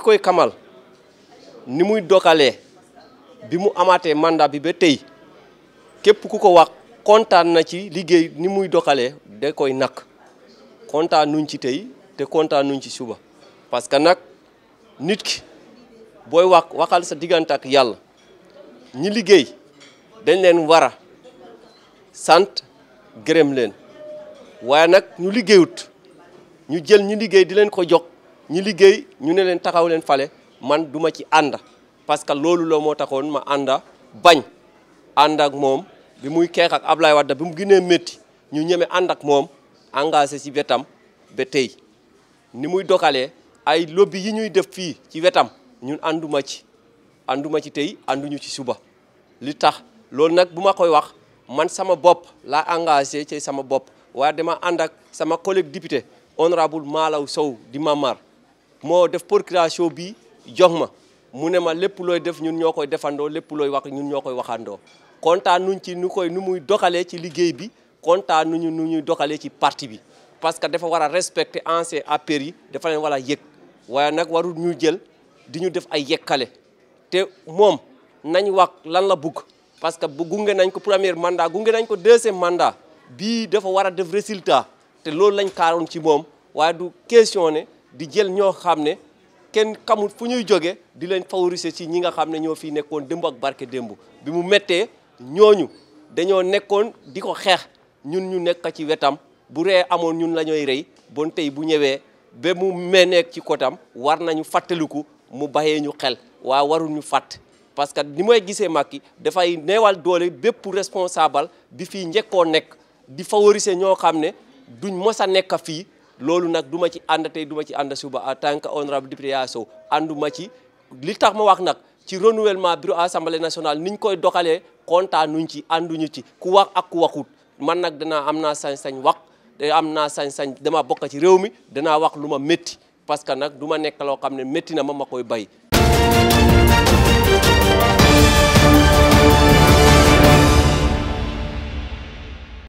ngi koy kamal ni muy dokalee bi mu amaatee mandat bi ba tey képp ku ko wax kontaan na ci liggéey ni muy dokalee da koy nakk kontaan nuñ ci tey te kontaan nuñ ci suba parce que nag nit ki booy wax waxal sa diggante ak yàlla ñi liggéey dañ leen wara sant gërëm leen waaye nag ñu liggéeyut ñu jël ñi liggéey di leen ko jox ñi liggéey ñu ne leen taxaw leen fale man duma ci ànd parce que loolu loo moo taxoon ma ànda bañ ànd ak moom bi muy xeex ak Ablaye Wade bi mu gënee métti ñu ñeme ànd ak moom engagé ci wetam ba tey ni muy doxalee ay lobby yi ñuy def fii ci wetam ñun ànduma ci ànduma ci tey ànduñu ci suba li tax loolu nag bu ma koy wax man sama bopp laa engagé ci sama bopp waaye dama ànd ak sama collègue député honorable Malaw Sow di Mamar moo def procuration bi jox ma mu ne ma lépp looy def ñun ñoo koy defandoo lépp looy wax ñun ñoo koy waxandoo kontaan nuñ ci nu koy nu muy doxalee ci liggéey bi kontaan nuñu nu ñuy doxalee ci parti bi parce que dafa war a respecter ancien APR yi dafa leen a yëg waaye nag warul ñu jël di ñu def ay yekkale te moom nañ wax lan la bugg parce que bu gunge nañ ko premier mandat gunge nañ ko deuxième mandat bii dafa war a def résultat te loolu lañ kaaroon ci moom waaye du questionné di jël ñoo xam ne kenn xamul fu ñuy jóge di leen favoriser ci ñi nga xam ne ñoo fi nekkoon démb ak barke démb bi mu méttee ñooñu dañoo nekkoon di ko xeex ñun ñu nekk ci wetam bu ree amoon ñun la rey bon tey bu ñëwee ba mu meneek ci kotam war nañu fàttaliku mu bayee ñu xel waa waruñu fàtt parce que ni may gisee Macky dafay neewal doole bépp responsable bi fii njëkkoon nekk di favoriser ñoo xam ne duñ mos a nekk fii loolu nag duma ci ànd tey duma ci ànd suba en tant que honorable député Yaya Sow ànduma ci li tax ma wax nag ci renouvellement bureau assemblée nationale niñ koy doxalee kontaanuñ ci ànduñu ci ku wax ak ku waxut man nag danaa am naa sañ-sañ wax te am naa sañ-sañ dama bokk ci réew mi danaa wax lu ma métti parce que nag du ma nekk loo xam ne métti na ma ma koy bay